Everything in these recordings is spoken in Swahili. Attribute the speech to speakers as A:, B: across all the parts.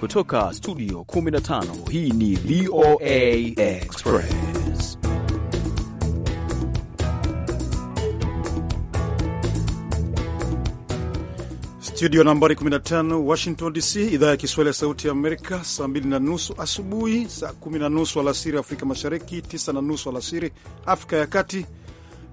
A: Kutoka studio 15 hii ni VOA Express.
B: Studio nambari 15 Washington DC, idhaa ya Kiswahili ya Sauti ya Amerika, saa 2 na nusu asubuhi, saa 1 na nusu alasiri Afrika Mashariki, 9 na nusu alasiri Afrika ya Kati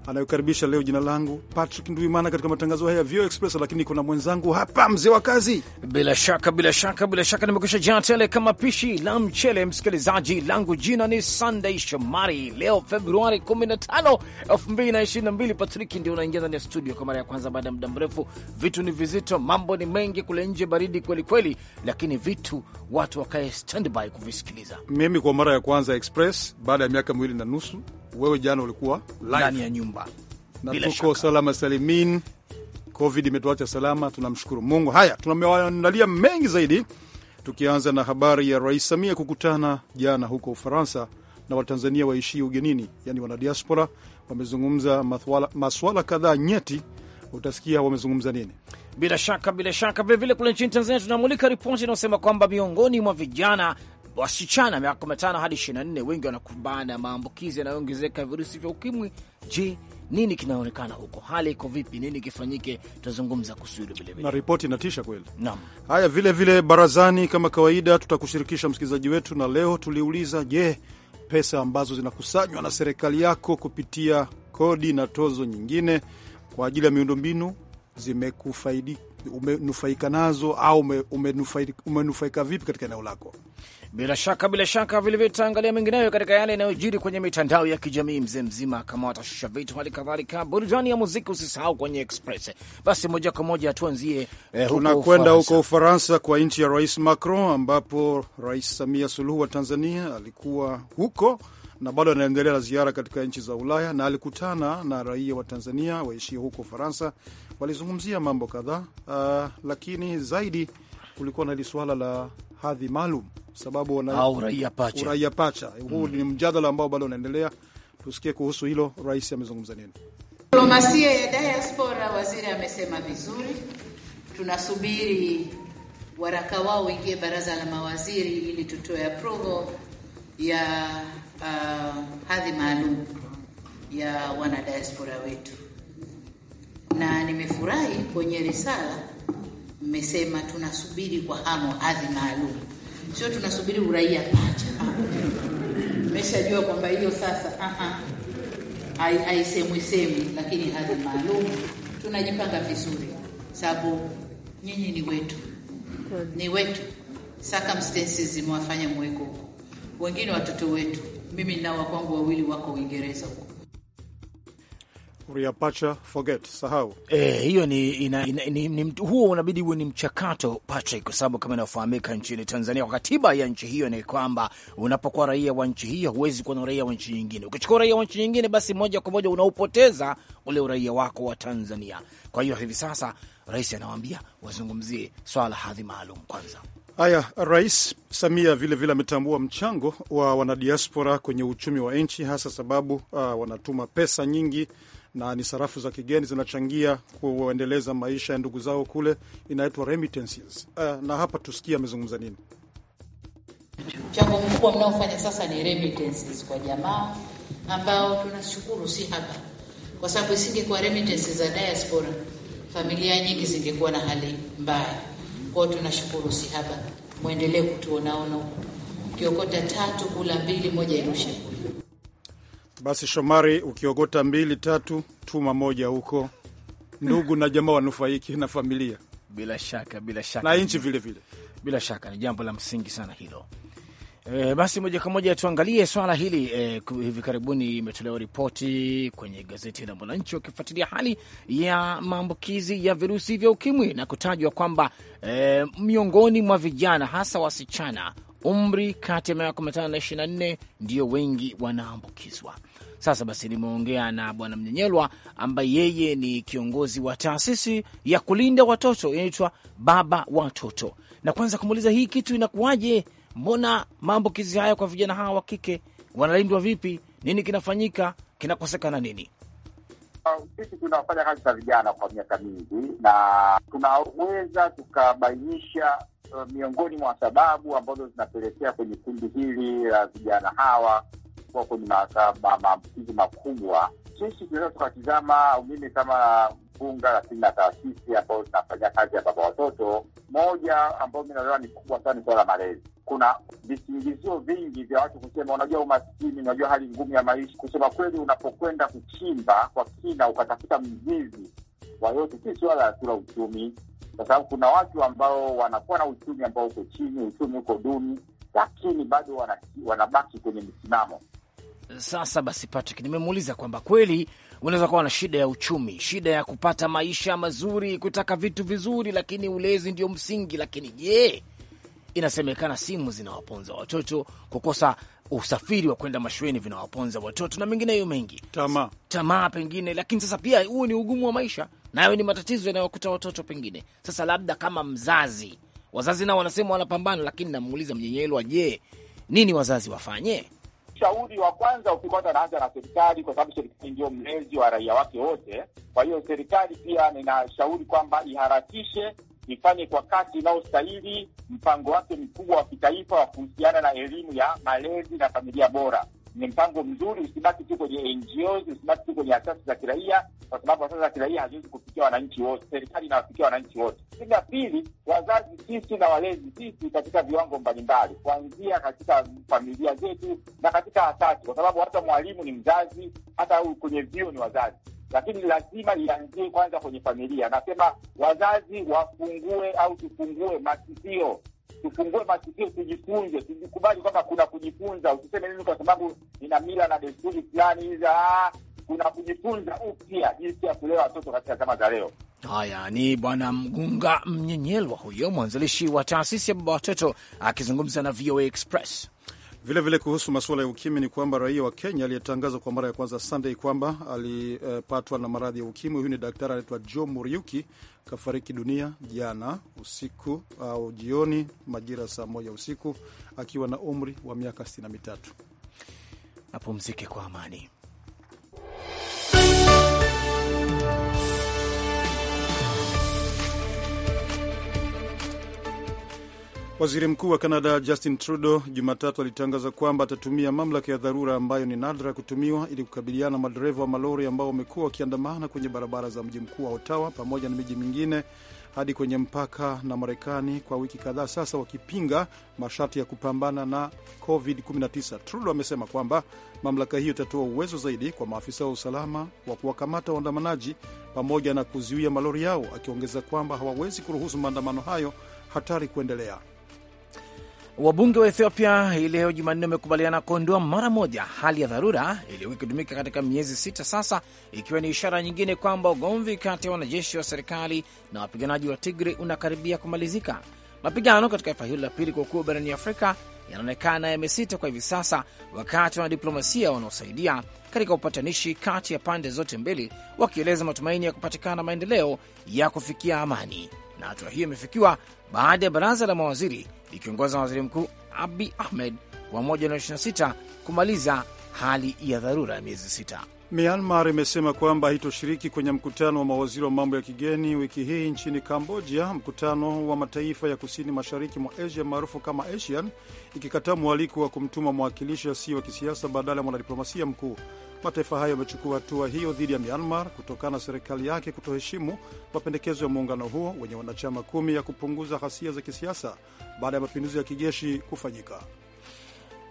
B: anayokaribisha leo. Jina langu Patrick Nduimana katika matangazo haya ya Vio Express, lakini kuna
C: mwenzangu hapa, mzee wa kazi. Bila shaka, bila shaka, bila shaka nimekusha jaa tele kama pishi la mchele. Msikilizaji langu jina ni Sunday Shomari. Leo Februari 15, 2022. Patrick ndio unaingia ndani ya studio kwa mara ya kwanza baada ya muda mrefu. Vitu ni vizito, mambo ni mengi kule nje, baridi kweli kweli, lakini vitu watu wakae standby kuvisikiliza.
B: Mimi kwa mara ya kwanza Express baada ya miaka miwili na nusu wewe jana ulikuwa
C: ndani ya nyumba
B: na Bila tuko Salama salimin. Covid imetuacha salama, tunamshukuru Mungu. Haya, tumewaandalia mengi zaidi, tukianza na habari ya Rais Samia kukutana jana huko Ufaransa na Watanzania waishio ugenini, yani wanadiaspora. Wamezungumza maswala kadhaa nyeti, utasikia wamezungumza nini.
C: Bila shaka, bila shaka. Vilevile kule nchini Tanzania tunamulika ripoti inayosema kwamba miongoni mwa vijana wasichana miaka tano hadi nne wengi wanakumbana na maambukizi yanayoongezeka ya virusi vya ukimwi. Je, nini kinaonekana huko? Hali iko vipi? Nini kifanyike? Tutazungumza kuhusu hilo
B: vilevile, na ripoti inatisha kweli. Naam, haya, vilevile barazani, kama kawaida, tutakushirikisha msikilizaji wetu, na leo tuliuliza, je, pesa ambazo zinakusanywa na serikali yako kupitia kodi na tozo nyingine kwa ajili ya miundombinu zimekufaidi umenufaika nazo au umenufaika ume vipi katika eneo lako?
C: Bila shaka bila shaka vilevile tutaangalia mengineyo katika yale yanayojiri kwenye mitandao ya kijamii, mzee mzima, kama watashusha vitu, hali kadhalika burudani ya muziki, usisahau kwenye Express. Basi moja kwa moja tuanzie eh, tunakwenda huko
B: Ufaransa kwa nchi ya Rais Macron, ambapo Rais Samia Suluhu wa Tanzania alikuwa huko na bado anaendelea na ziara katika nchi za Ulaya na alikutana na raia wa Tanzania waishie huko Ufaransa. Walizungumzia mambo kadhaa, uh, lakini zaidi kulikuwa na hili swala la hadhi maalum, sababu uraia pacha, uraia pacha. Huu mm. ni mjadala ambao bado unaendelea. Tusikie kuhusu hilo, rais amezungumza nini.
D: Diplomasia ya diaspora, waziri amesema vizuri, tunasubiri waraka wao uingie baraza la mawaziri ili tutoe aprovo ya uh, hadhi maalum ya wanadiaspora wetu, na nimefurahi kwenye risala mmesema tunasubiri kwa hamu hadhi maalum, sio tunasubiri uraia pacha. Mmeshajua kwamba hiyo sasa haisemwi semwi, lakini hadhi maalum tunajipanga vizuri, sababu nyinyi ni wetu, ni wetu. Circumstances zimewafanya mweko huko, wengine watoto wetu. Mimi ninao wakwangu wawili wako Uingereza huko
B: Reapacha, forget, sahau. Eh,
C: hiyo ni, ina, ina, ni, ni, huo unabidi uwe ni mchakato Patrick, kwa sababu kama inafahamika nchini Tanzania kwa katiba ya nchi hiyo ni kwamba unapokuwa raia wa nchi hiyo huwezi kuwa na uraia wa nchi nyingine. Ukichukua uraia wa nchi nyingine, basi moja kwa moja unaupoteza ule uraia wako wa Tanzania. Kwa hiyo hivi sasa rais anawaambia wazungumzie swala la hadhi maalum kwanza.
B: Haya, Rais Samia vilevile ametambua vile mchango wa wanadiaspora kwenye uchumi wa nchi, hasa sababu uh, wanatuma pesa nyingi na ni sarafu za kigeni zinachangia kuendeleza maisha ya ndugu zao kule, inaitwa remittances. Uh, na hapa tusikie amezungumza nini.
D: Mchango mkubwa mnaofanya sasa ni remittances kwa jamaa ambao tunashukuru si haba, kwa sababu isingekuwa remittances za diaspora, familia nyingi zingekuwa na hali mbaya. Kwao tunashukuru si haba, mwendelee kutuonaona, ukiokota tatu kula mbili, moja irushe
B: basi Shomari, ukiogota mbili tatu, tuma moja huko, ndugu na jamaa wanufaiki na familia,
C: bila shaka, bila shaka, na nchi vilevile, bila shaka ni jambo la msingi sana hilo. E, basi moja kwa moja tuangalie swala hili e, hivi karibuni imetolewa ripoti kwenye gazeti la Mwananchi wakifuatilia hali ya maambukizi ya virusi vya ukimwi na kutajwa kwamba e, miongoni mwa vijana hasa wasichana umri kati ya miaka 15 na 24 ndio wengi wanaambukizwa. Sasa basi, nimeongea na Bwana Mnyenyelwa ambaye yeye ni kiongozi wa taasisi ya kulinda watoto inaitwa Baba Watoto, na kwanza kumuuliza hii kitu inakuwaje, mbona maambukizi haya kwa vijana hawa wa kike, wanalindwa vipi, nini kinafanyika, kinakosekana nini?
E: Ah, sisi tunafanya kazi za vijana kwa miaka mingi na tunaweza tukabainisha eh, miongoni mwa sababu ambazo zinapelekea kwenye kundi hili la vijana hawa kuwa kwenye maambukizi makubwa. Sisi tunaweza tukatizama, mimi kama mpunga, lakini na taasisi ambayo tunafanyia kazi ya baba watoto, moja ambayo mi naelewa ni kubwa sana ni suala la malezi. Kuna visingizio vingi vya watu kusema, unajua umaskini, unajua hali ngumu ya maisha. Kusema kweli, unapokwenda kuchimba kwa kina ukatafuta mzizi wa yote, si suala la tula uchumi, kwa sababu kuna watu ambao wanakuwa na uchumi ambao uko chini, uchumi uko duni, lakini bado wanabaki wana kwenye misimamo
C: sasa basi, Patrick, nimemuuliza kwamba kweli unaweza kuwa na shida ya uchumi, shida ya kupata maisha mazuri, kutaka vitu vizuri, lakini ulezi ndio msingi. Lakini je, inasemekana simu zinawaponza watoto, kukosa usafiri wa kwenda mashuleni vinawaponza watoto na mengineyo mengi, tamaa tamaa pengine. Lakini sasa pia huu ni ugumu wa maisha, nayo ni matatizo yanayokuta watoto pengine. Sasa labda kama mzazi, wazazi nao wanasema wanapambana, lakini namuuliza Mnyenyelwa, je, nini wazazi wafanye?
E: Ushauri wa kwanza ukipata unaanza na serikali, kwa sababu serikali ndio mlezi wa raia wake wote. Kwa hiyo serikali pia ninashauri kwamba iharakishe ifanye kwa kasi inayostahili mpango wake mkubwa wa kitaifa wa kuhusiana na elimu ya malezi na familia bora ni mpango mzuri, usibaki tu kwenye NGOs, usibaki tu kwenye asasi za kiraia, kwa sababu asasi za kiraia haziwezi kufikia wananchi wote, serikali inawafikia wananchi wote. Lakini la pili, wazazi sisi na walezi sisi, katika viwango mbalimbali, kuanzia katika familia zetu na katika asasi, kwa sababu hata mwalimu ni mzazi, hata kwenye vyuo ni wazazi lakini lazima ianzie kwanza kwenye familia. Nasema wazazi wafungue au tufungue masikio tufungue masikio, tujifunze, tujikubali kwamba kuna kujifunza. Usiseme nini kwa sababu nina mila na desturi fulani hizi. Ah, kuna kujifunza upya jinsi ya kulea watoto katika zama za leo.
C: Haya ni Bwana Mgunga Mnyenyelwa, huyo mwanzilishi wa taasisi ya Baba Watoto akizungumza na VOA Express.
B: Vilevile vile kuhusu masuala ya ukimwi ni kwamba raia wa Kenya aliyetangazwa kwa mara ya kwanza Sunday kwamba alipatwa na maradhi ya ukimwi, huyu ni daktari anaitwa Jo Muriuki, kafariki dunia jana usiku au jioni majira saa moja usiku akiwa na umri wa miaka 63. Apumzike kwa amani. Waziri Mkuu wa Kanada Justin Trudeau Jumatatu alitangaza kwamba atatumia mamlaka ya dharura ambayo ni nadra kutumiwa ili kukabiliana na madereva wa malori ambao wamekuwa wakiandamana kwenye barabara za mji mkuu wa Ottawa pamoja na miji mingine hadi kwenye mpaka na Marekani kwa wiki kadhaa sasa, wakipinga masharti ya kupambana na COVID-19. Trudeau amesema kwamba mamlaka hiyo itatoa uwezo zaidi kwa maafisa wa usalama wa kuwakamata waandamanaji pamoja na kuzuia malori yao, akiongeza kwamba hawawezi
C: kuruhusu maandamano hayo hatari kuendelea. Wabunge wa Ethiopia hii leo Jumanne wamekubaliana kuondoa mara moja hali ya dharura iliyokuwa ikitumika katika miezi sita sasa, ikiwa ni ishara nyingine kwamba ugomvi kati ya wanajeshi wa serikali na wapiganaji wa Tigri unakaribia kumalizika. Mapigano katika taifa hilo la pili kwa ukubwa barani Afrika yanaonekana yamesita kwa hivi sasa, wakati wanadiplomasia wanaosaidia katika upatanishi kati ya pande zote mbili wakieleza matumaini ya kupatikana maendeleo ya kufikia amani na hatua hiyo imefikiwa baada ya baraza la mawaziri likiongoza waziri mkuu Abi Ahmed wa 126 kumaliza hali ya dharura ya miezi sita.
B: Myanmar imesema kwamba haitoshiriki kwenye mkutano wa mawaziri wa mambo ya kigeni wiki hii nchini Kambodia, mkutano wa mataifa ya kusini mashariki mwa Asia maarufu kama ASEAN, ikikataa mwaliko wa kumtuma mwakilishi asiye wa kisiasa badala ya mwanadiplomasia mkuu. Mataifa hayo yamechukua hatua hiyo dhidi ya Myanmar kutokana na serikali yake kutoheshimu mapendekezo ya muungano huo wenye wanachama kumi ya kupunguza ghasia za kisiasa baada ya mapinduzi ya kijeshi kufanyika.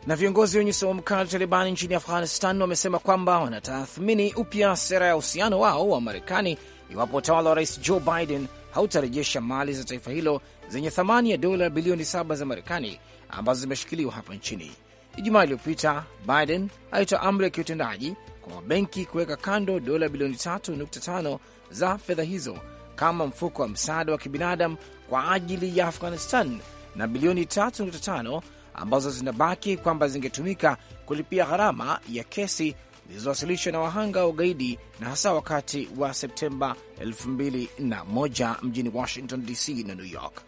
C: Na viongozi wenye msimamo mkali Talibani nchini Afghanistan wamesema kwamba wanatathmini upya sera ya uhusiano wao wa Marekani iwapo utawala wa rais Joe Biden hautarejesha mali za taifa hilo zenye thamani ya dola bilioni saba za Marekani ambazo zimeshikiliwa hapa nchini. Ijumaa iliyopita Biden alitoa amri ya kiutendaji kwa mabenki kuweka kando dola bilioni 3.5 za fedha hizo kama mfuko wa msaada wa kibinadamu kwa ajili ya Afghanistan na bilioni 3.5 ambazo zinabaki kwamba zingetumika kulipia gharama ya kesi zilizowasilishwa na wahanga wa ugaidi na hasa wakati wa Septemba 2001 mjini Washington DC na New York.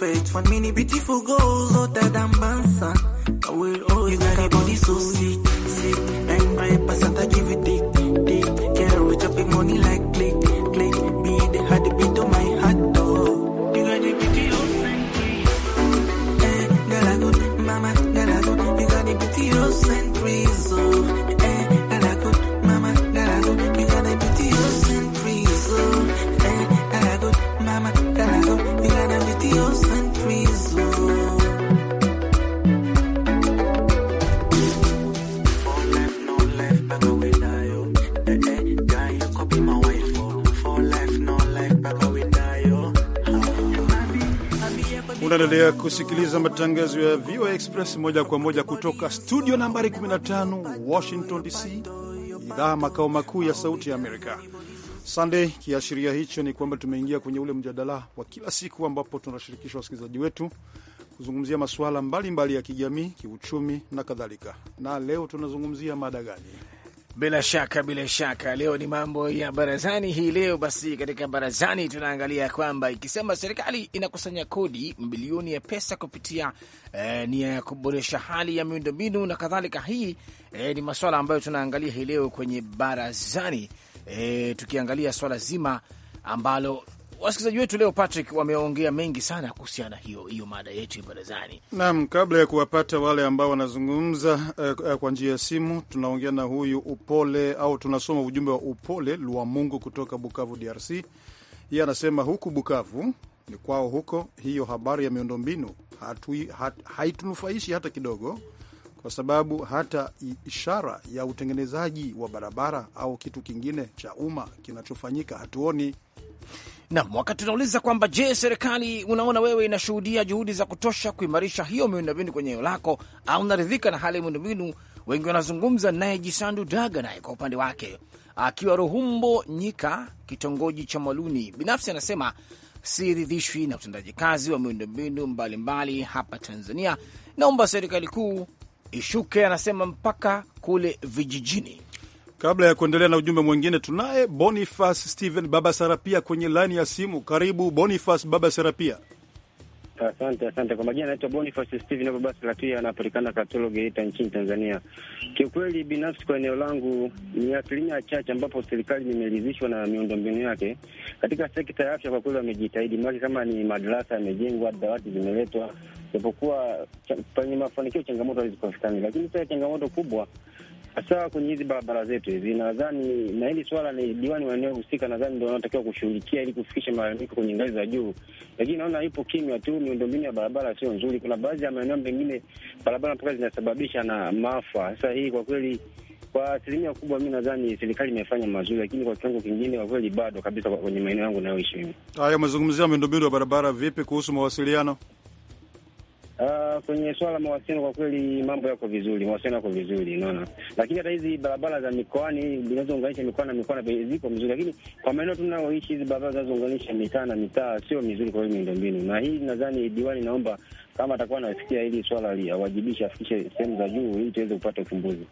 A: perfect one. Mini beautiful goals, hotter than Bansan. I you got a body so sick, sick. And by Pasanta
B: kusikiliza matangazo ya VOA Express moja kwa moja kutoka studio nambari 15 Washington DC, idhaa makao makuu ya Sauti ya Amerika. Sunday, kiashiria hicho ni kwamba tumeingia kwenye ule mjadala wa kila siku ambapo tunashirikisha wasikilizaji wetu kuzungumzia masuala mbalimbali mbali ya kijamii, kiuchumi
C: na kadhalika. Na leo tunazungumzia mada gani? Bila shaka bila shaka, leo ni mambo ya barazani hii leo. Basi katika barazani tunaangalia kwamba ikisema serikali inakusanya kodi mabilioni ya pesa kupitia eh, nia ya kuboresha hali ya miundombinu na kadhalika. Hii eh, ni maswala ambayo tunaangalia hii leo kwenye barazani eh, tukiangalia swala zima ambalo wasikilizaji wetu leo, Patrick, wameongea mengi sana kuhusiana hiyo hiyo mada yetu ya barazani.
B: Naam, kabla ya kuwapata wale ambao wanazungumza eh, kwa njia ya simu, tunaongea na huyu Upole au tunasoma ujumbe wa Upole Mungu kutoka Bukavu, DRC. Yeye anasema huku Bukavu ni kwao huko, hiyo habari ya miundombinu hat, haitunufaishi hata kidogo, kwa sababu hata ishara ya utengenezaji wa barabara au kitu
C: kingine cha umma kinachofanyika hatuoni. Nam, wakati tunauliza kwamba je, serikali unaona wewe inashuhudia juhudi za kutosha kuimarisha hiyo miundombinu kwenye eneo lako au unaridhika na hali ya miundombinu? Wengi wanazungumza naye Jisandu Daga, naye kwa upande wake akiwa Ruhumbo Nyika, kitongoji cha Mwaluni, binafsi anasema siridhishwi na utendaji kazi wa miundombinu mbalimbali hapa Tanzania, naomba serikali kuu ishuke, anasema mpaka kule vijijini. Kabla ya kuendelea na ujumbe
B: mwingine, tunaye Boniface Steven Baba Sarapia kwenye laini ya simu. Karibu Boniface Baba Sarapia.
F: Asante, asante kwa majina. Naitwa Boniface Steven Baba Sarapia, anapatikana Katoro, Geita nchini Tanzania. Kiukweli binafsi, kwa eneo langu ni asilimia chache ambapo serikali imeridhishwa na miundombinu yake. Katika sekta ya afya, kwa kweli wamejitahidi, maki kama ni madarasa yamejengwa, dawati zimeletwa, japokuwa penye mafanikio changamoto hazikupatikani, lakini sasa changamoto kubwa hasa kwenye hizi barabara zetu hizi. Nadhani na hili swala ni diwani wa eneo husika, nadhani ndo wanaotakiwa kushughulikia ili kufikisha malalamiko kwenye ngazi za juu, lakini naona ipo kimya tu. Miundombinu ya barabara sio nzuri, kuna baadhi ya maeneo mengine barabara mpaka zinasababisha na maafa. Sasa hii kwa kweli kwa asilimia kubwa mi nadhani serikali imefanya mazuri, lakini kwa kiwango kingine kwa kweli bado kabisa, kwenye maeneo yangu nayoishi mimi.
B: Haya, umezungumzia miundombinu ya barabara, vipi kuhusu mawasiliano?
F: Uh, kwenye swala la mawasiliano kwa kweli mambo yako vizuri, mawasiliano yako vizuri, unaona. Lakini hata hizi barabara za mikoani zinazounganisha mikoa na mikoa ziko mzuri, lakini kwa maeneo tunayoishi hizi barabara zinazounganisha mitaa na mitaa sio mizuri kwa miundombinu, na hii nadhani diwani, naomba kama atakuwa anafikia hili swala liwajibishe, afikishe sehemu za juu ili tuweze kupata ufumbuzi.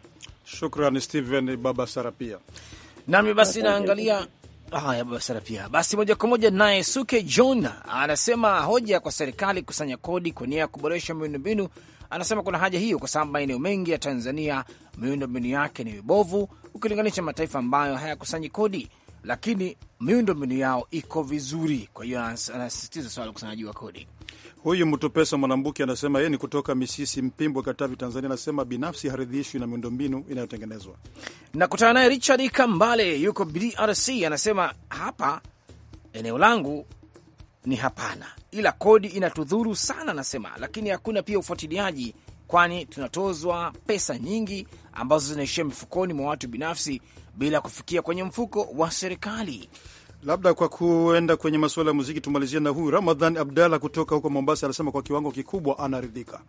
C: Shukrani Steven Baba Sarapia. Nami basi naangalia Haya ah, basara pia basi, moja kwa moja naye Suke John anasema hoja kwa serikali kusanya kodi kwa nia ya kuboresha miundombinu. Anasema kuna haja hiyo kwa sababu maeneo mengi ya Tanzania miundombinu yake ni mibovu ukilinganisha mataifa ambayo hayakusanyi kodi, lakini miundombinu yao iko vizuri. Kwa hiyo anasisitiza swala la ukusanyaji wa kodi. Huyu mtu pesa Mwanambuki anasema yeye ni kutoka Misisi Mpimbo, Katavi, Tanzania. Anasema binafsi haridhishwi na miundombinu inayotengenezwa. Nakutana naye Richard Kambale, yuko DRC, anasema hapa eneo langu ni hapana, ila kodi inatudhuru sana, anasema lakini hakuna pia ufuatiliaji, kwani tunatozwa pesa nyingi ambazo zinaishia mifukoni mwa watu binafsi bila kufikia kwenye mfuko wa serikali. Labda kwa kuenda kwenye masuala ya muziki, tumalizie na huyu Ramadhan Abdalla kutoka huko Mombasa, anasema kwa kiwango kikubwa anaridhika.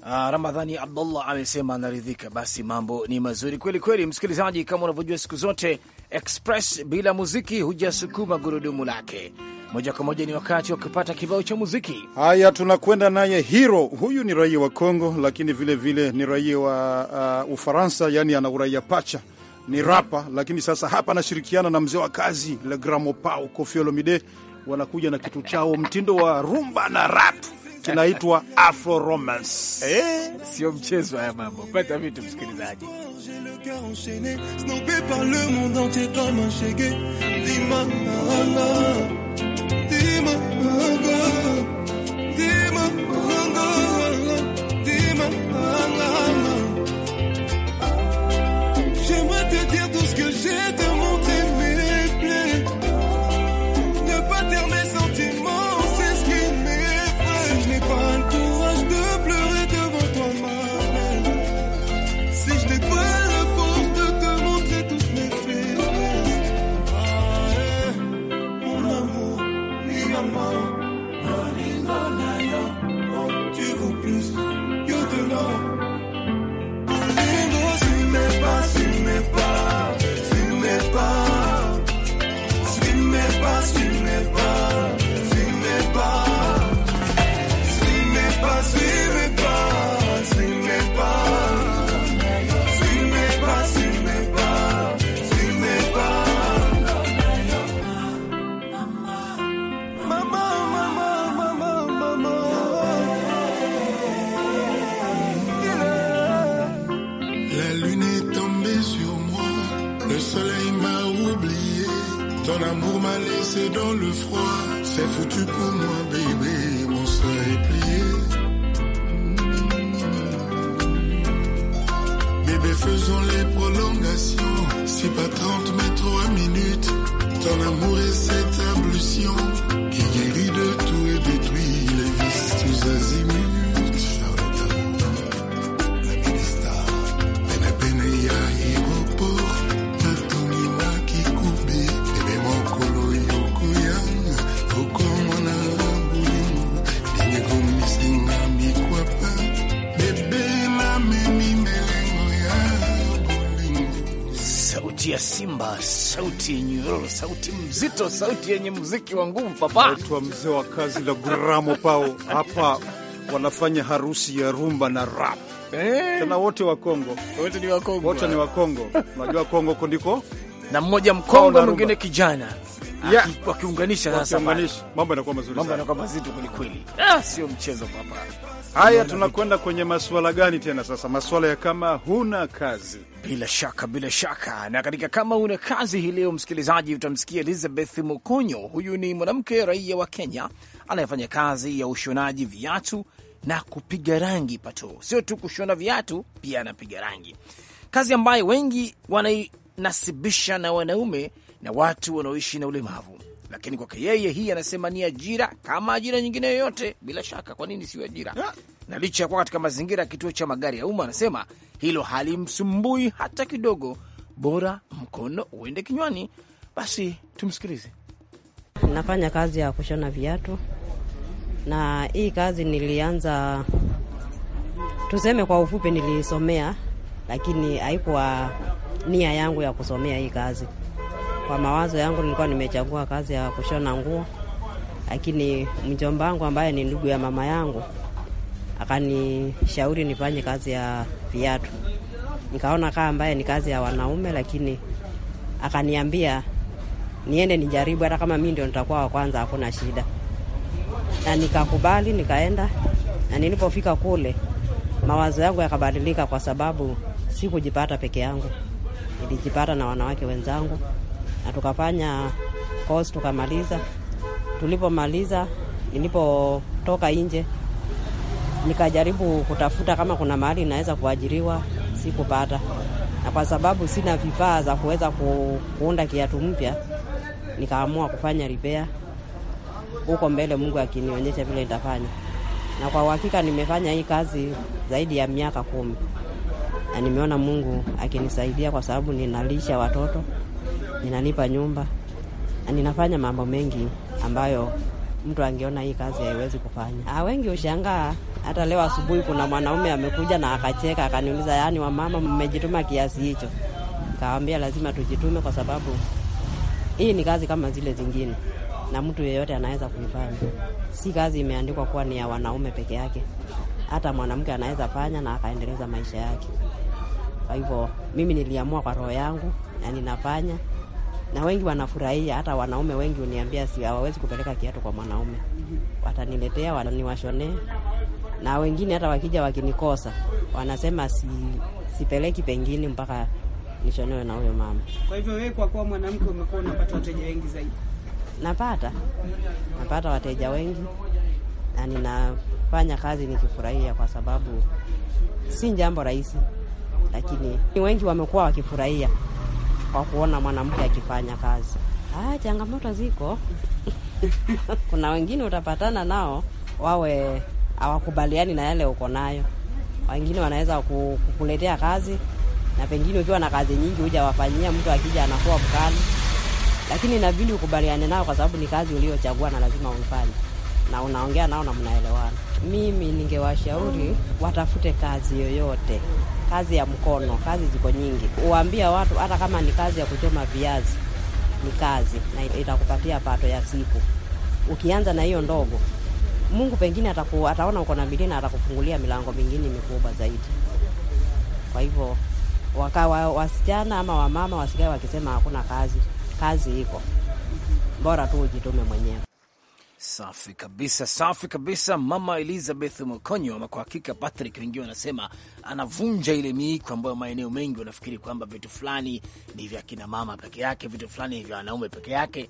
C: Uh, Ramadhani Abdullah amesema anaridhika. Basi mambo ni mazuri kweli kweli. Msikilizaji, kama unavyojua siku zote Express bila muziki hujasukuma gurudumu lake. Moja kwa moja ni wakati wa kupata kibao cha muziki.
B: Haya, tunakwenda naye Hiro. Huyu ni raia wa Kongo, lakini vilevile vile ni raia wa uh, Ufaransa, yani ana uraia pacha ni rapa, lakini sasa hapa anashirikiana na mzee wa kazi le gramopau Koffi Olomide, wanakuja na kitu chao mtindo wa rumba na rap kinaitwa Afro Romance. Eh, sio
C: mchezo haya mambo. Pata vitu msikilizaji. jeito sauti nyororo, sauti mzito, sauti yenye muziki wa nguvu. Papa wa mzee wa
B: kazi la guramo pao hapa wanafanya harusi ya rumba na rap eh. Tena wote wa Kongo, wote ni wa Kongo, wote ni wa Kongo. Unajua Kongo kondiko na
C: mmoja mkongo mwingine kijana
B: Wakiunganisha sasa mambo yanakuwa mazuri, mambo yanakuwa mazito kweli kweli, ah, sio mchezo papa. Haya, tunakwenda kwenye masuala gani tena
C: sasa? Masuala ya kama huna kazi. Bila shaka, bila shaka. Na katika kama huna kazi hii leo, msikilizaji, utamsikia Elizabeth Mokonyo. Huyu ni mwanamke raia wa Kenya anayefanya kazi ya ushonaji viatu na kupiga rangi pato. Sio tu kushona viatu, pia anapiga rangi, kazi ambayo wengi wanai nasibisha na wanaume na watu wanaoishi na ulemavu. Lakini kwake yeye hii anasema ni ajira kama ajira nyingine yoyote. Bila shaka, kwa nini siyo ajira Na licha ya kuwa katika mazingira ya kituo cha magari ya umma, anasema hilo halimsumbui hata kidogo, bora mkono uende kinywani. Basi tumsikilize.
G: Nafanya kazi ya kushona viatu, na hii kazi nilianza, tuseme kwa ufupi, nilisomea, lakini haikuwa nia yangu ya kusomea hii kazi kwa mawazo yangu nilikuwa nimechagua kazi ya kushona nguo, lakini mjomba wangu ambaye ni ndugu ya mama yangu akanishauri nifanye kazi ya viatu. Nikaona kaa ambaye ni kazi ya wanaume, lakini akaniambia niende nijaribu, hata kama mi ndio nitakuwa wa kwanza, hakuna shida. Na nikakubali nikaenda, na nilipofika kule mawazo yangu yakabadilika, kwa sababu sikujipata peke yangu, nilijipata na wanawake wenzangu na tukafanya course tukamaliza. Tulipomaliza, nilipotoka nje nikajaribu kutafuta kama kuna mahali naweza kuajiriwa, sikupata, na kwa sababu sina vifaa za kuweza kuunda kiatu mpya, nikaamua kufanya repair huko mbele, Mungu akinionyesha vile nitafanya. Na kwa uhakika nimefanya hii kazi zaidi ya miaka kumi na nimeona Mungu akinisaidia kwa sababu ninalisha watoto inanipa nyumba, ninafanya mambo mengi ambayo mtu angeona hii kazi haiwezi kufanya. Ah, wengi hushangaa. Hata leo asubuhi kuna mwanaume amekuja na akacheka akaniuliza, yaani wamama mmejituma kiasi hicho? Kawambia lazima tujitume, kwa sababu hii ni kazi kama zile zingine, na mtu yeyote anaweza kuifanya. Si kazi imeandikwa kuwa ni ya wanaume peke yake, hata mwanamke anaweza fanya na akaendeleza maisha yake. Kwa hivyo mimi niliamua kwa roho yangu na ninafanya na wengi wanafurahia. Hata wanaume wengi uniambia si hawawezi kupeleka kiatu kwa mwanaume, wataniletea waniwashonee, na wengine hata wakija wakinikosa wanasema si, sipeleki pengine mpaka nishonewe na huyo mama. Kwa hivyo wewe, kwa kuwa
D: mwanamke, umekuwa unapata wateja wengi zaidi?
G: Napata, napata wateja wengi na ninafanya kazi nikifurahia, kwa sababu si jambo rahisi, lakini wengi wamekuwa wakifurahia kwa kuona mwanamke akifanya kazi. Ah, changamoto ziko kuna wengine utapatana nao wawe hawakubaliani na yale uko nayo, wengine wanaweza kukuletea kazi na pengine ukiwa na kazi nyingi huja wafanyia, mtu akija anakuwa mkali, lakini inabidi ukubaliane nao kwa sababu ni kazi uliochagua na lazima uifanye, na unaongea nao na mnaelewana. Mimi ningewashauri watafute kazi yoyote kazi ya mkono, kazi ziko nyingi. Uambia watu hata kama ni kazi ya kuchoma viazi ni kazi na itakupatia pato ya siku. Ukianza na hiyo ndogo, Mungu pengine ataku, ataona uko na bidii na atakufungulia milango mingine mikubwa zaidi. Kwa hivyo wakawa wasichana ama wamama wasikae wakisema hakuna kazi. Kazi iko, bora tu ujitume mwenyewe. Safi
C: kabisa, safi kabisa, mama Elizabeth Mkonyo. Ama kwa hakika, Patrick, wengi wanasema anavunja ile miiko ambayo maeneo mengi wanafikiri kwamba vitu fulani ni vya kina mama peke yake, vitu fulani ni vya wanaume peke yake.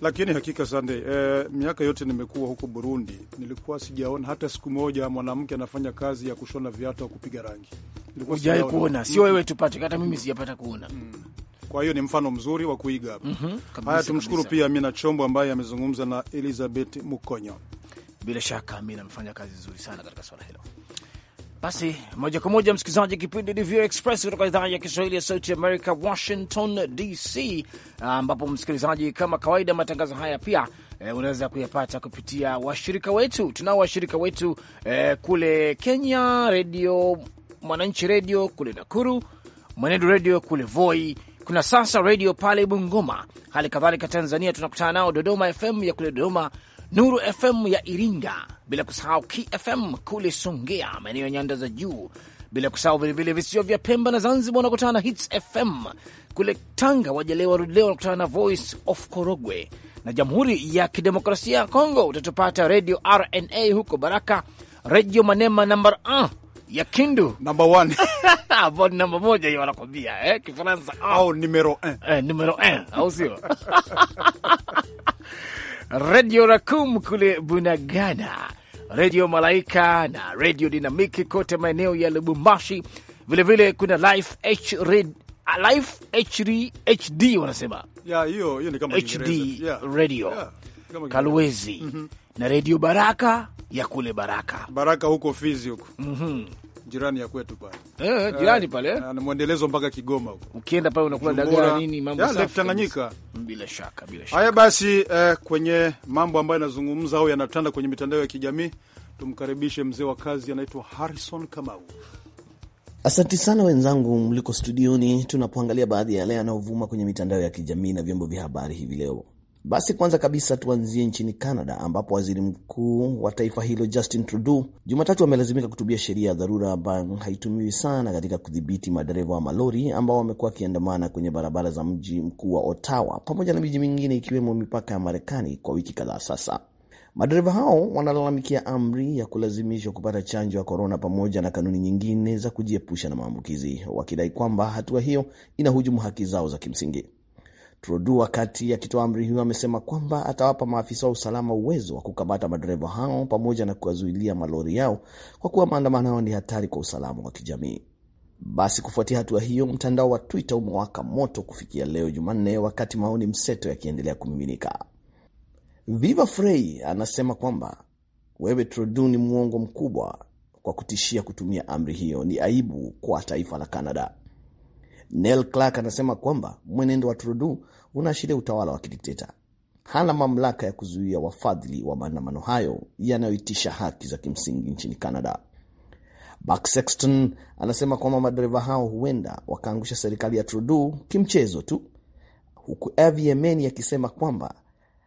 B: Lakini hakika sande, e, eh, miaka yote nimekuwa huko Burundi, nilikuwa sijaona hata siku moja mwanamke anafanya kazi ya kushona viatu au kupiga rangi. Ujai kuona, sio wewe tupate,
C: hata mimi sijapata kuona mm.
B: Kwa hiyo ni mfano mzuri wa kuiga mm
C: -hmm. Haya, tumshukuru pia
B: Amina Chombo ambaye amezungumza na Elizabeth Mukonyo.
C: Bila shaka Amina amefanya kazi nzuri sana katika swala hilo. Basi moja kwa moja, msikilizaji, kipindi ni VOA Express kutoka idhaa ya Kiswahili ya Sauti America, Washington DC, ambapo msikilizaji, kama kawaida, matangazo haya pia E, unaweza kuyapata kupitia washirika wetu. Tunao washirika wetu e, kule Kenya, redio Mwananchi redio kule Nakuru, mwenendo redio kule Voi, kuna sasa redio pale Bungoma, hali kadhalika Tanzania tunakutana nao Dodoma FM ya kule Dodoma, Nuru FM ya Iringa, bila kusahau KFM kule Songea, maeneo ya nyanda za juu, bila kusahau vilevile visiwa vya Pemba na Zanzibar wanakutana na Hits FM kule Tanga, wajalewa rudileo wanakutana na Voice of Korogwe, na Jamhuri ya Kidemokrasia ya Kongo utatupata redio RNA huko Baraka, redio Manema namba ah, ya Kindu number one hapo number moja hiyo wanakwambia eh, Kifaransa ah. au numero 1 eh, numero 1 au sio? Radio Rakum kule Bunagana, Radio Malaika na Radio Dinamiki kote maeneo ya Lubumbashi. Vilevile kuna Life H Red ah, Life HD, HD wanasema yeah, hiyo hiyo ni kama HD yeah. Radio yeah. Kalwezi mm -hmm. na Radio Baraka ya
B: kule Baraka Baraka huko Fizi huko mm -hmm jirani ya kwetu pale
C: eh, eh, eh jirani
B: pale eh, na mwendelezo mpaka Kigoma huko. Ukienda pale unakula dagaa na nini, mambo safi Tanganyika,
C: bila shaka, bila shaka.
B: Haya basi, eh, kwenye mambo ambayo yanazungumza au yanatanda kwenye mitandao ya kijamii, tumkaribishe mzee wa kazi, anaitwa Harrison Kamau.
A: Asanti sana wenzangu mliko studioni, tunapoangalia baadhi ya yale yanayovuma kwenye mitandao ya kijamii na vyombo vya habari hivi leo. Basi kwanza kabisa tuanzie nchini Canada ambapo waziri mkuu wa taifa hilo Justin Trudeau Jumatatu amelazimika kutumia sheria ya dharura ambayo haitumiwi sana katika kudhibiti madereva wa malori ambao wamekuwa wakiandamana kwenye barabara za mji mkuu wa Ottawa pamoja na miji mingine ikiwemo mipaka ya Marekani kwa wiki kadhaa sasa. Madereva hao wanalalamikia amri ya kulazimishwa kupata chanjo ya korona pamoja na kanuni nyingine za kujiepusha na maambukizi, wakidai kwamba hatua hiyo inahujumu haki zao za kimsingi. Trudeau wakati akitoa amri hiyo amesema kwamba atawapa maafisa wa usalama uwezo wa kukamata madereva hao pamoja na kuwazuilia malori yao kwa kuwa maandamano hayo ni hatari kwa usalama wa kijamii. Basi kufuatia hatua hiyo, mtandao wa Twitter umewaka moto kufikia leo Jumanne, wakati maoni mseto yakiendelea kumiminika. Viva Frey anasema kwamba wewe Trudeau ni mwongo mkubwa kwa kutishia kutumia amri hiyo. Ni aibu kwa taifa la Canada. Neil Clark anasema kwamba mwenendo wa Trudeau unaashiria utawala wa kidikteta. Hana mamlaka ya kuzuia wafadhili wa maandamano hayo yanayoitisha haki za kimsingi nchini Canada. Buck Sexton anasema kwamba madereva hao huenda wakaangusha serikali ya Trudeau kimchezo tu, huku Avmn akisema kwamba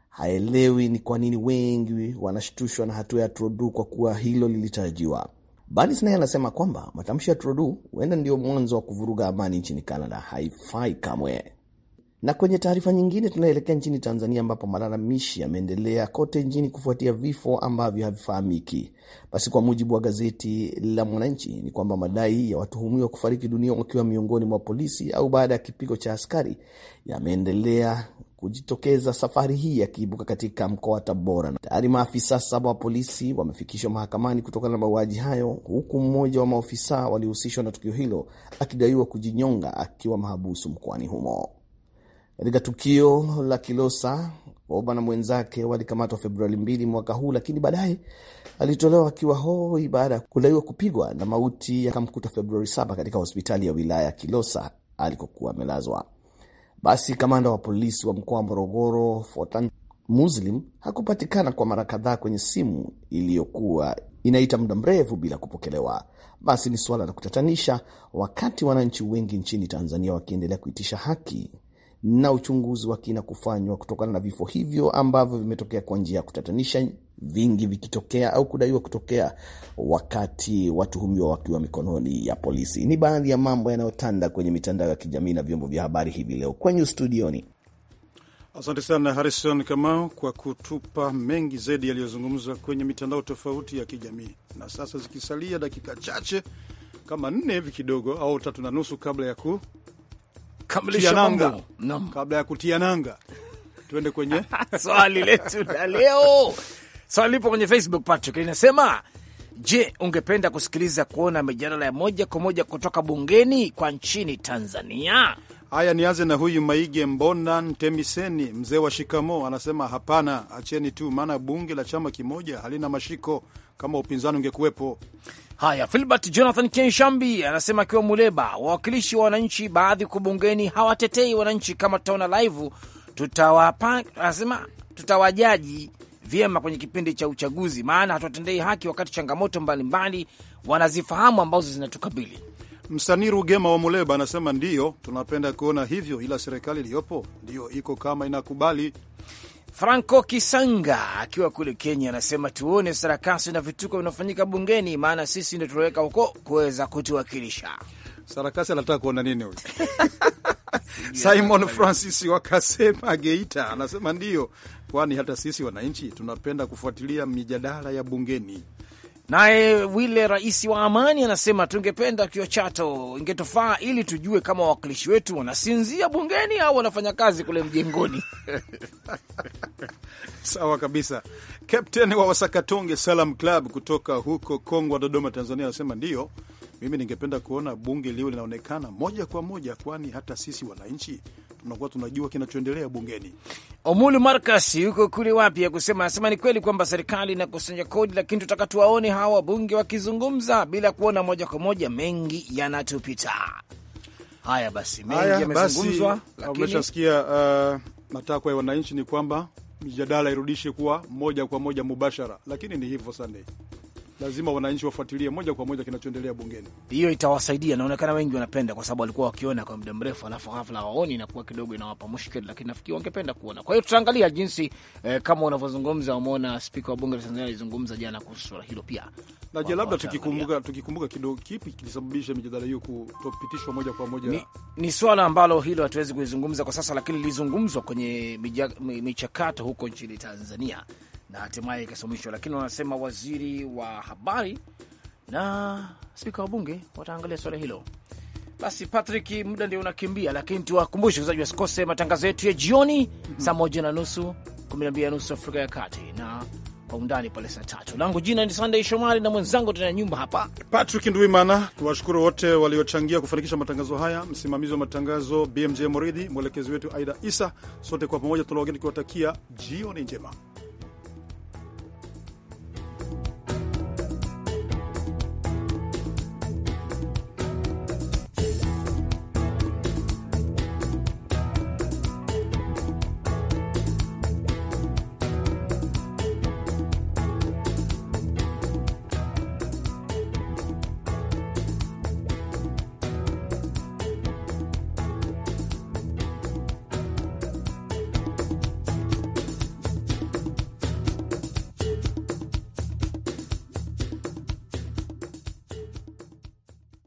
A: haelewi ni kwa nini wengi wanashtushwa na hatua ya Trudeau kwa kuwa hilo lilitarajiwa. Banis naye anasema kwamba matamshi ya Trudeau huenda ndio mwanzo wa kuvuruga amani nchini Canada, haifai kamwe. Na kwenye taarifa nyingine, tunaelekea nchini Tanzania ambapo malalamishi yameendelea kote nchini kufuatia vifo ambavyo havifahamiki. Basi kwa mujibu wa gazeti la Mwananchi ni kwamba madai ya watuhumiwa kufariki dunia wakiwa miongoni mwa polisi au baada ya kipigo cha askari yameendelea kujitokeza safari hii akiibuka katika mkoa wa Tabora. Tayari maafisa saba wa polisi wamefikishwa mahakamani kutokana na mauaji hayo, huku mmoja wa maofisa waliohusishwa na tukio hilo akidaiwa kujinyonga akiwa mahabusu mkoani humo. Katika tukio la Kilosa, Oba na mwenzake walikamatwa Februari mbili mwaka huu, lakini baadaye alitolewa akiwa hoi baada ya kudaiwa kupigwa na mauti yakamkuta Februari saba katika hospitali ya wilaya ya Kilosa alikokuwa amelazwa. Basi kamanda wa polisi wa mkoa wa Morogoro Fortan Muslim hakupatikana kwa mara kadhaa kwenye simu iliyokuwa inaita muda mrefu bila kupokelewa. Basi ni suala la kutatanisha, wakati wananchi wengi nchini Tanzania wakiendelea kuitisha haki na uchunguzi wa kina kufanywa kutokana na vifo hivyo ambavyo vimetokea kwa njia ya kutatanisha vingi vikitokea au kudaiwa kutokea wakati watuhumiwa wakiwa mikononi ya polisi. Ni baadhi ya mambo yanayotanda kwenye mitandao ya kijamii na vyombo vya habari hivi leo. Kwenye studioni,
B: asante sana Harrison Kamau kwa kutupa mengi zaidi yaliyozungumzwa kwenye mitandao tofauti ya kijamii. Na sasa zikisalia dakika chache kama nne hivi kidogo au tatu na nusu kabla ya ku nanga. kabla
C: ya kutia nanga tuende kwenye swali letu la leo Swali lipo kwenye Facebook, Patrick, linasema je, ungependa kusikiliza kuona mijadala ya moja kwa moja kutoka bungeni kwa nchini Tanzania? Haya, nianze na huyu Maige
B: Mbona Ntemiseni, mzee wa shikamo, anasema hapana, acheni tu, maana bunge la chama kimoja
C: halina mashiko kama upinzani ungekuwepo. Haya, Filbert Jonathan Kenshambi anasema akiwa Muleba, wawakilishi wa wananchi baadhi huko bungeni hawatetei wananchi. Kama tutaona live, tutawapa, anasema tutawajaji vyema kwenye kipindi cha uchaguzi, maana hatuwatendei haki wakati changamoto mbalimbali wanazifahamu ambazo zinatukabili.
B: Msanii Rugema wa Muleba anasema ndiyo, tunapenda kuona hivyo, ila serikali iliyopo
C: ndiyo iko kama inakubali. Franco Kisanga akiwa kule Kenya anasema tuone sarakasi na vituko vinaofanyika bungeni, maana sisi ndio tunaweka huko kuweza kutuwakilisha.
B: Sarakasi anataka kuona nini huyu? Simon Francis wakasema Geita anasema ndiyo, kwani hata sisi wananchi tunapenda kufuatilia
C: mijadala ya bungeni. Naye Wile, rais wa Amani, anasema tungependa kio chato ingetofaa ili tujue kama wawakilishi wetu wanasinzia bungeni au wanafanya kazi
B: kule mjengoni.
C: Sawa kabisa. kapten wa
B: Wasakatonge Salam Club kutoka huko Kongwa, Dodoma, Tanzania, anasema ndiyo, mimi ningependa
C: kuona bunge liwe linaonekana moja kwa moja, kwani hata sisi wananchi tunakuwa tunajua kinachoendelea bungeni. Omulu Marcus yuko kule wapi ya kusema, anasema ni kweli kwamba serikali inakusanya kodi, lakini tutaka tuwaone hawa wabunge wakizungumza bila kuona moja kwa moja. Mengi yanatupita. Haya basi, mengi yamezungumzwa, lakini umeshasikia
B: uh, matakwa ya wananchi ni kwamba mijadala irudishe kuwa moja kwa moja mubashara, lakini ni hivyo sana lazima wananchi wafuatilie moja kwa moja kinachoendelea bungeni.
C: Hiyo itawasaidia, naonekana wengi wanapenda, kwa sababu walikuwa wakiona kwa muda mrefu, alafu ghafla waoni inakuwa kidogo inawapa mushkeli, lakini nafikiri wangependa kuona. Kwa hiyo tutaangalia jinsi eh, kama unavyozungumza, umeona spika wa bunge la Tanzania alizungumza jana kuhusu swala hilo pia. Na je, labda tukikumbuka, tukikumbuka kidogo, kipi kilisababisha mijadala hiyo kutopitishwa moja kwa moja? Ni, ni swala ambalo hilo hatuwezi kuizungumza kwa sasa, lakini lilizungumzwa kwenye michakato huko nchini Tanzania na hatimaye ikasomishwa, lakini wanasema waziri wa habari na spika wa bunge wataangalia suala hilo. Basi Patrick, muda ndio unakimbia, lakini tuwakumbushe uzaji wasikose matangazo yetu ya jioni saa moja na nusu, kumi na mbili na nusu Afrika ya Kati na kwa undani pale saa tatu. Langu jina ni Sandey Shomari na mwenzangu tena nyumba hapa
B: Patrick Ndwimana. Tuwashukuru wote waliochangia kufanikisha matangazo haya, msimamizi wa matangazo BMJ Moridhi, mwelekezi wetu Aida Isa. Sote kwa pamoja tunawageni tukiwatakia jioni njema.